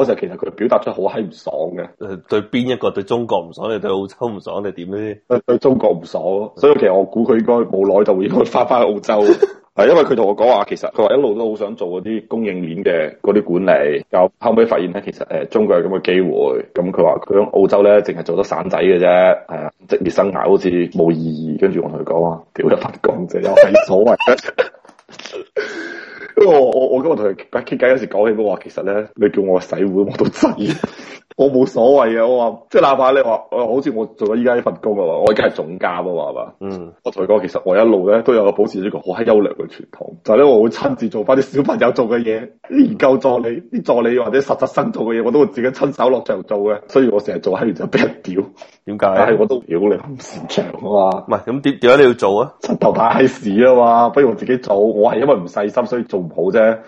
嗰時其實佢表達出好閪唔爽嘅，誒，對邊一個對中國唔爽，你對澳洲唔爽，你點咧？誒，對中國唔爽咯，所以其實我估佢應該冇耐就會應該翻翻去澳洲，係 因為佢同我講話，其實佢話一路都好想做嗰啲供應鏈嘅嗰啲管理，又後尾發現咧，其實誒，中國有咁嘅機會，咁佢話佢喺澳洲咧淨係做得散仔嘅啫，係啊，職業生涯好似冇意義，跟住我同佢講話，屌又發工仔又閪所謂！ 我我我今日我同佢傾偈有時講起都話，其實咧你叫我洗碗我都制， 我冇所謂啊！我話即係哪怕你話，誒好似我做咗依家呢份工啊嘛，我而家係總監啊嘛係嘛？嗯，我同佢講其實我一路咧都有個保持呢個好閪優良嘅傳統，就係、是、咧我會親自做翻啲小朋友做嘅嘢，研究助理、啲助理或者實習生做嘅嘢，我都會自己親手落場做嘅。所以我成日做閪完就俾人屌，點解？但係我都屌你唔擅長啊嘛！唔係咁點點解你要做啊？膝頭大屎啊嘛，不如我自己做。我係因為唔細心所以做。好啫，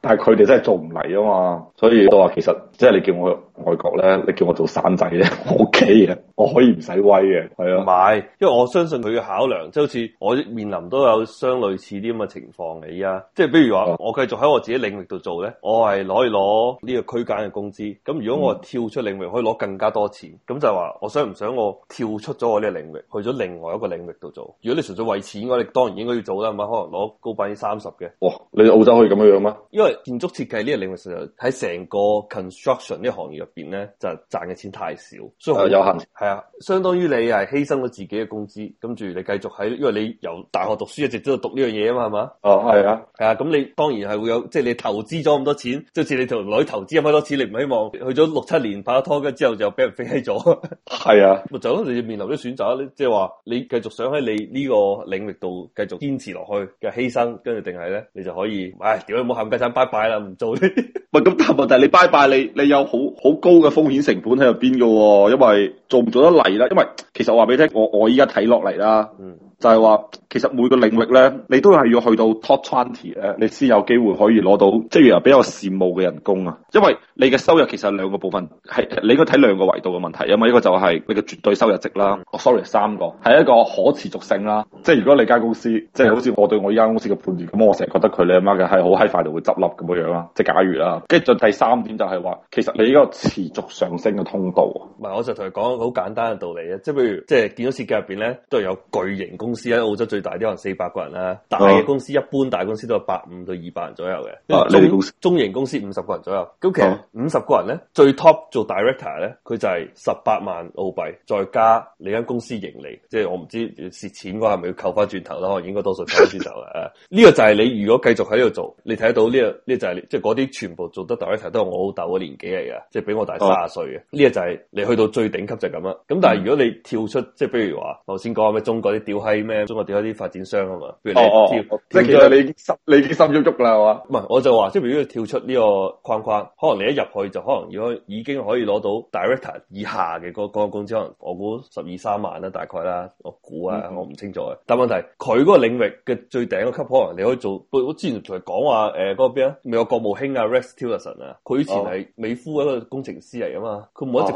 但係佢哋真係做唔嚟啊嘛，所以都話其實。即係你叫我外國咧，你叫我做散仔咧，我 OK 嘅，我可以唔使威嘅，係啊，唔係，因為我相信佢嘅考量，即係好似我面臨都有相類似啲咁嘅情況嘅啊。即係比如話我繼續喺我自己領域度做咧，我係攞，以攞呢個區間嘅工資，咁如果我跳出領域可以攞更加多錢，咁、嗯、就話我想唔想我跳出咗我呢個領域，去咗另外一個領域度做？如果你純粹為錢，我哋當然應該要做啦，咪可能攞高百分之三十嘅。哇，你澳洲可以咁樣樣嗎？因為建築設計呢個領域其實喺成個 c 呢行業入邊咧就賺嘅錢太少，所以係有限行，係啊，相當於你係犧牲咗自己嘅工資，跟住你繼續喺，因為你由大學讀書一直喺度讀呢樣嘢啊嘛，係嘛，哦，係啊，係啊，咁你當然係會有，即係你投資咗咁多錢，即係似你條女投資咁多錢，你唔希望去咗六七年拍咗拖，跟之後就俾人飛起咗，係啊，咪 就咁你要面臨啲選擇，即係話你繼續想喺你呢個領域度繼續堅持落去嘅犧牲，跟住定係咧，你就可以，唉、哎，屌你冇喊雞餐，拜拜啦，唔做，咪咁答係問題你拜拜你。你有好好高嘅風險成本喺入邊噶喎，因為做唔做得嚟啦？因為其實我話俾你聽，我我依家睇落嚟啦。嗯就係話，其實每個領域咧，你都係要去到 top twenty 誒，你先有機會可以攞到，即係原來比較羨慕嘅人工啊。因為你嘅收入其實兩個部分係，你應該睇兩個維度嘅問題因嘛。呢個就係你嘅絕對收入值啦。哦、嗯 oh,，sorry，三個係一個可持續性啦。即係如果你間公司，嗯、即係好似我對我依間公司嘅判斷，咁我成日覺得佢咧啊媽嘅係好閪快就會執笠咁樣啦。即係假如啦，跟住第三點就係話，其實你呢個持續上升嘅通道。唔係、嗯，我就同你講好簡單嘅道理啊。即係譬如，即係建築設計入邊咧，都係有巨型工公司喺澳洲最大啲可能四百個人啦、啊，大嘅公司、啊、一般大公司都係百五到二百人左右嘅，啊、中中型公司五十個人左右。咁、啊、其實五十個人咧，最 top 做 director 咧，佢就係十八萬澳幣，再加你間公司盈利，即係我唔知蝕錢嘅話係咪要扣翻轉頭咯？應該多數扣翻轉頭嘅。呢 個就係你如果繼續喺度做，你睇到呢、這個呢、這個、就係即係嗰啲全部做得 director 都係我老豆嘅年紀嚟嘅，即係比我大卅歲嘅。呢、啊、個就係你去到最頂級就係咁啦。咁但係如果你跳出，即係譬如話頭先講咩中國啲屌閪。咩？中國啲嗰啲發展商啊嘛，譬如你跳，哦哦跳即係其實你已經心你啲心喐喐噶啦，係嘛不？唔係，我就話，即係如果要跳出呢個框框，可能你一入去就可能如果已經可以攞到 director 以下嘅嗰嗰個工資，可能我估十二三萬啦，大概啦，我估啊，嗯、我唔清楚啊。但係問題佢嗰個領域嘅最頂個級，可能你可以做。我之前同佢講話誒，嗰、呃那個邊啊，美國國務卿啊 Rex Tillerson 啊，佢以前係美孚一個工程師嚟啊嘛，佢冇一直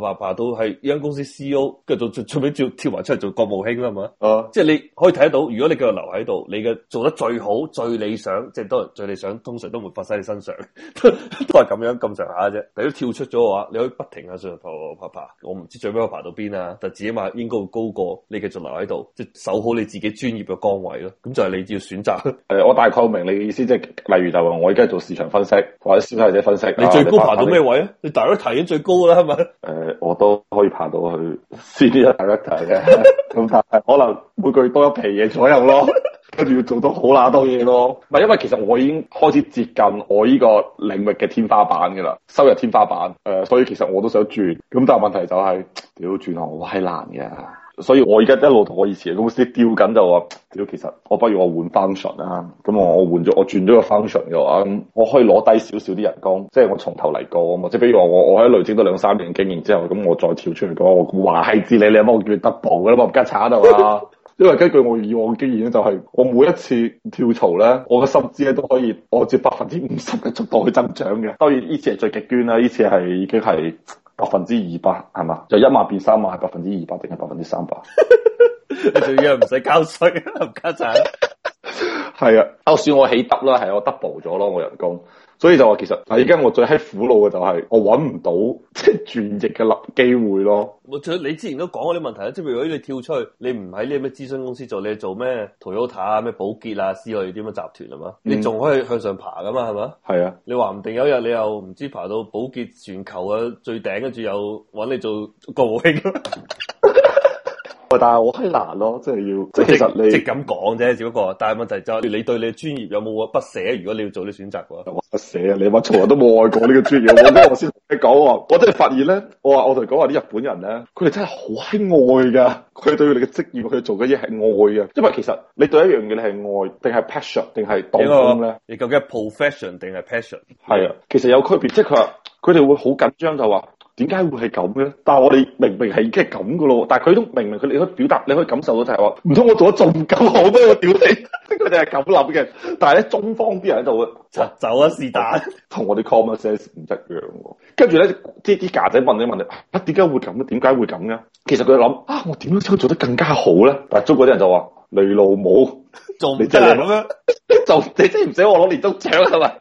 爬爬到係呢間公司 CEO，跟住就最最屘跳埋出嚟做國務卿啦、啊、嘛。即係你可以睇得到，如果你繼續留喺度，你嘅做得最好、最理想，即係都係最理想，通常都唔會發生喺你身上 都，都係咁樣咁上下啫。你都跳出咗嘅話，你可以不停喺上頭爬爬，我唔知最尾可爬到邊啊。但至只起碼應該高過你繼續留喺度，即係守好你自己專業嘅崗位咯。咁就係你要選擇。誒、呃，我大概明你嘅意思，即係例如就話我而家做市場分析或者消費者分析，你最高爬到咩位啊？呃、你大約提咗最高啦，係咪？誒、呃，我都可以爬到去 C 一大約嘅，咁 但係可能。每個月多一皮嘢左右咯，跟住要做到好乸多嘢咯。唔係因為其實我已經開始接近我呢個領域嘅天花板㗎啦，收入天花板。誒、呃，所以其實我都想轉，咁但係問題就係、是，屌轉行係難嘅。所以我而家一路同我以前嘅公司吊緊就話，屌其實我不如我換 function 啊。咁、嗯、我我換咗我轉咗個 function 嘅話，我可以攞低少少啲人工，即係我從頭嚟過啊嘛。即係比如話我我喺累積咗兩三年經驗之後，咁、嗯、我再跳出嚟嘅話，我話係知你你有冇叫 double 㗎啦，冇家產喺度啊！ 因為根據我以往嘅經驗咧，就係我每一次跳槽咧，我嘅薪資咧都可以按照百分之五十嘅速度去增長嘅。當然呢次係最極端啦，呢次係已經係百分之二百，係嘛？10, 30, 200, 200, 就一萬變三萬，百分之二百定係百分之三百？你仲要唔使交稅？唔交稅？係 啊，就算我起 d 啦，係我 double 咗咯，我人工。所以就話其實，但而家我最喺苦惱嘅就係我搵唔到即係轉職嘅立機會咯。我、嗯、你之前都講我啲問題啦，即係如果你跳出去，你唔喺呢啲咩咨詢公司做，你做咩 Toyota 啊、咩保潔啊之類啲咁嘅集團係嘛，你仲可以向上爬噶嘛係嘛？係啊，你話唔定有一日你又唔知爬到保潔全球啊，最頂，跟住又搵你做國務卿。呵呵但係我係難咯，即係要即係其實你即係咁講啫，只不過但係問題就係你對你嘅專業有冇個不捨？如果你要做啲選擇嘅話，我不捨啊！你我從來都冇愛過呢個專業。 我先同你講啊，我真係發現咧，我話我同你講話啲日本人咧，佢哋真係好愛噶。佢對佢哋嘅職業，佢做嘅嘢係愛啊。因為其實你對一樣嘢，ure, 你係愛定係 passion 定係當咧？你究竟係 profession 定係 passion？係啊，其實有區別。即係佢話佢哋會好緊張就話。點解會係咁咧？但係我哋明明係已經係咁噶咯，但係佢都明明佢哋可以表達，你可以感受到就係話，唔通我做咗仲咁好咩？畀我屌你，即係佢哋係咁諗嘅。但係咧，中方啲人喺度就走啊， 是但同我哋 commerce 唔一樣。跟住咧，啲啲架仔問你問你，啊，點解會咁？點解會咁嘅？其實佢諗啊，我點樣先可以做得更加好咧？但係中國啲人就話，你老母做唔成咁樣，就 你使唔使我攞年終獎係咪？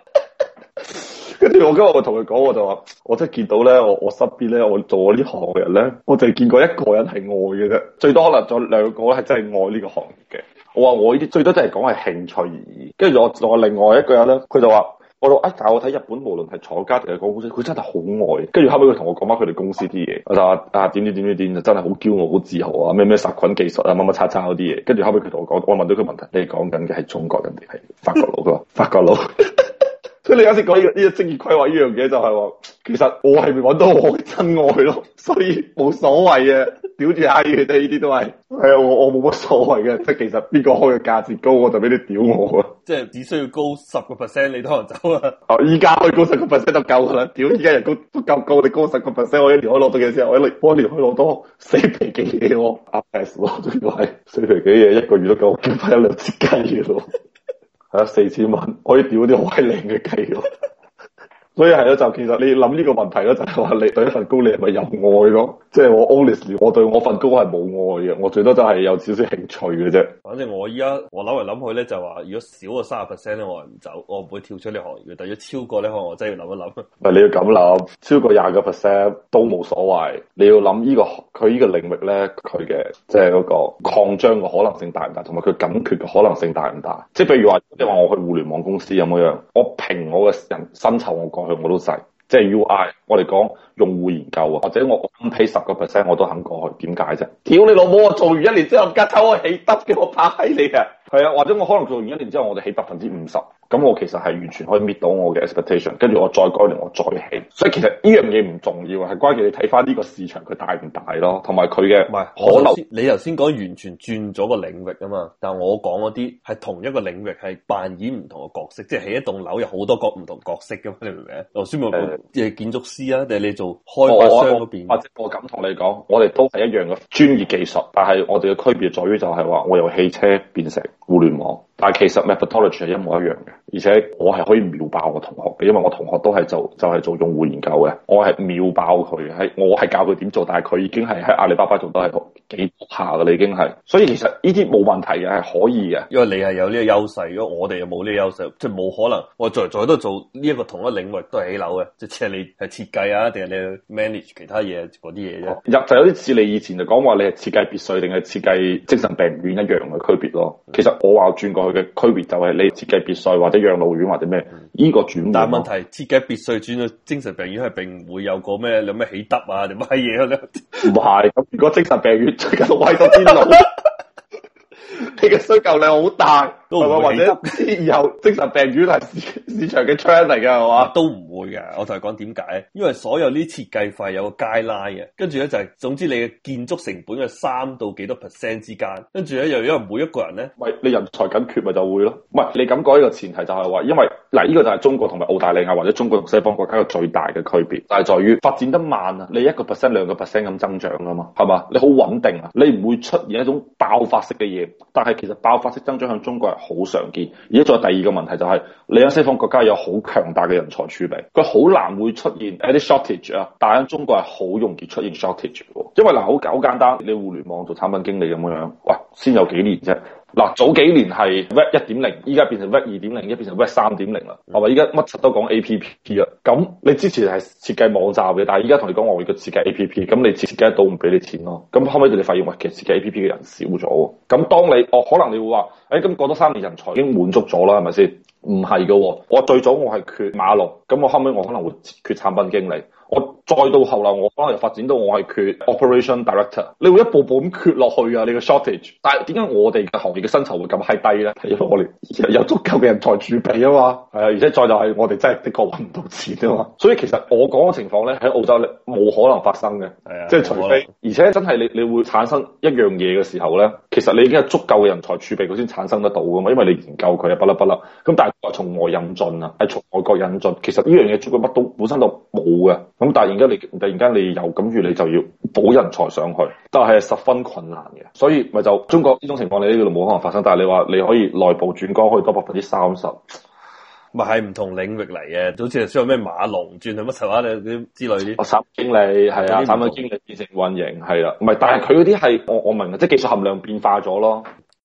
跟住我今日我同佢講，我就話，我真係見到咧，我我身邊咧，我做我呢行嘅人咧，我淨係見過一個人係愛嘅啫，最多可能仲有兩個咧係真係愛呢個行業嘅。我話我呢啲最多都係講係興趣而已。跟住我仲有另外一個人咧，佢就話，我話啊，但我睇日本無論係坐家定係公司，佢真係好愛。跟住後尾佢同我講翻佢哋公司啲嘢，啊，我就話啊，點點點點點，就真係好驕傲，好自豪啊，咩咩殺菌技術啊，乜乜叉叉嗰啲嘢。慢慢擦擦，跟住後尾佢同我講，我問到佢問題，你講緊嘅係中國人定係法國佬？佢話法國佬。 即係你啱先講呢個呢個職業規劃呢樣嘢，就係話，其實我係咪搵到我嘅真愛咯，所以冇所謂嘅，屌住閪佢哋呢啲都係。係、哎、啊，我我冇乜所謂嘅，即係其實邊個開嘅價值高，我就俾你屌我啊。即係只需要高十個 percent，你都可能走啊。哦，依家開高十個 percent 就夠啦，屌！依家人工都夠高，你高十個 percent，我一年可以攞到幾多？我一年可以攞多四皮幾嘢我 upset 咯，主要係四皮幾嘢一個月都夠，叫翻一兩次雞咯。係啦，四千蚊可以屌啲好閪靚嘅雞。所以係咯，就其實你諗呢個問題咯，就係話你對呢份工你係咪有愛咯？即係我 honestly 我對我份工係冇愛嘅，我最多就係有少少興趣嘅啫。反正我依家，我諗嚟諗去咧，就話如果少過卅 percent 咧，我唔走，我唔會跳出呢行業嘅。但如果超過咧，我真係要諗一諗。唔係你要咁諗，超過廿個 percent 都冇所謂。你要諗呢個佢呢個領域咧，佢嘅即係嗰個擴張嘅可能性大唔大，同埋佢緊缺嘅可能性大唔大？即係譬如話，你話我去互聯網公司咁樣，我憑我嘅人薪酬我高。佢 我都細，即係 UI，我哋講用戶研究啊，或者我 pay 十個 percent 我都肯過去，點解啫？屌你老母啊！我做完一年之後唔加我起得嘅，我怕閪你啊！係啊，或者我可能做完一年之後，我哋起百分之五十。咁我其實係完全可以搣到我嘅 expectation，跟住我再改，我再起。所以其實呢樣嘢唔重要，係關鍵你睇翻呢個市場佢大唔大咯，同埋佢嘅唔係可流。你頭先講完全轉咗個領域啊嘛，但係我講嗰啲係同一個領域，係扮演唔同嘅角色，即係起一棟樓有好多個唔同角色㗎嘛，你明唔明？頭先我講嘅係建築師啊，定係你做開發商嗰邊？或者我敢同你講，我哋都係一樣嘅專業技術，但係我哋嘅區別在於就係話我由汽車變成互聯網。但係其實 methodology 係一模一樣嘅，而且我係可以秒爆我同學嘅，因為我同學都係做就係、是、做用戶研究嘅，我係秒爆佢，係我係教佢點做，但係佢已經係喺阿里巴巴做得係好。幾下噶你已經係，所以其實呢啲冇問題嘅，係可以嘅，因為你係有呢個優勢，如果我哋又冇呢個優勢，即係冇可能，我再再都做呢一個同一領域都係起樓嘅，即、就、係、是、你係設計啊，定係你 manage 其他嘢嗰啲嘢啫。入就、啊、有啲似你以前就講話你係設計別墅，定係設計精神病院一樣嘅區別咯。其實我話轉過去嘅區別就係你設計別墅或者養老院或者咩，呢、嗯、個轉換。但係問題設計別墅轉咗精神病院係並唔會有個咩有咩起得啊定乜嘢咧？唔係、啊， 如果精神病院。這個覺得歪到天咯！你嘅需求量好大，係咪或者有精神病院嚟市市場嘅 trending 嚟嘅係嘛？都唔會嘅，我同你講點解？因為所有呢設計費有個 guideline 嘅，跟住咧就係、是、總之你嘅建築成本嘅三到幾多 percent 之間，跟住咧又因為每一個人咧，喂，你人才緊缺咪就會咯？唔係你咁講呢個前提就係話，因為嗱呢、這個就係中國同埋澳大利亞或者中國同西方國家個最大嘅區別，就係、是、在於發展得慢啊，你一個 percent 兩個 percent 咁增長啊嘛，係嘛？你好穩定啊，你唔會出現一種爆發式嘅嘢。但係其實爆發式增長喺中國係好常見，而且仲有第二個問題就係，你喺西方國家有好強大嘅人才儲備，佢好難會出現一啲 shortage 啊，但係中國係好容易出現 shortage，因為嗱好好簡單，你互聯網做產品經理咁嘅樣，喂，先有幾年啫。嗱，早幾年係 Web 一點零，依家變成 Web 二點零，依家變成 Web 三點零啦，係咪？依家乜柒都講 A P P 啊？咁你之前係設計網站嘅，但係依家同你講我會個設計 A P P，咁你設計得到唔俾你錢咯？咁後尾你哋發現，哇，其實設計 A P P 嘅人少咗，咁當你哦，可能你會話，誒、欸，咁過多三年人才已經滿足咗啦，係咪先？唔係噶，我最早我係缺碼農，咁我後尾我可能會缺產品經理，我。再到後嚟，我可能發展到我係缺 operation director，你會一步步咁缺落去啊！你個 shortage，但係點解我哋嘅行業嘅薪酬會咁係低咧？因為我哋有足夠嘅人才儲備啊嘛，係啊，而且再就係我哋真係的確揾唔到錢啊嘛。所以其實我講嘅情況咧，喺澳洲咧冇可能發生嘅，係啊的，即係除非而且真係你你會產生一樣嘢嘅時候咧，其實你已經有足夠嘅人才儲備，佢先產生得到噶嘛，因為你研究佢啊不啦不啦，咁但係從外引進啊，係從外國引進，其實呢樣嘢中國乜都本身都冇嘅，咁但係。而家你突然間你又咁住，你就要補人才上去，都係十分困難嘅。所以咪就中國呢種情況，你呢度冇可能發生。但係你話你可以內部轉崗，可以多百分之三十，咪係唔同領域嚟嘅，好似係需要咩馬龍轉去乜實話你啲之類啲。我三經理係啊，三、啊、經理變成運營係啦，唔係、啊，但係佢嗰啲係我我明嘅，即係技術含量變化咗咯。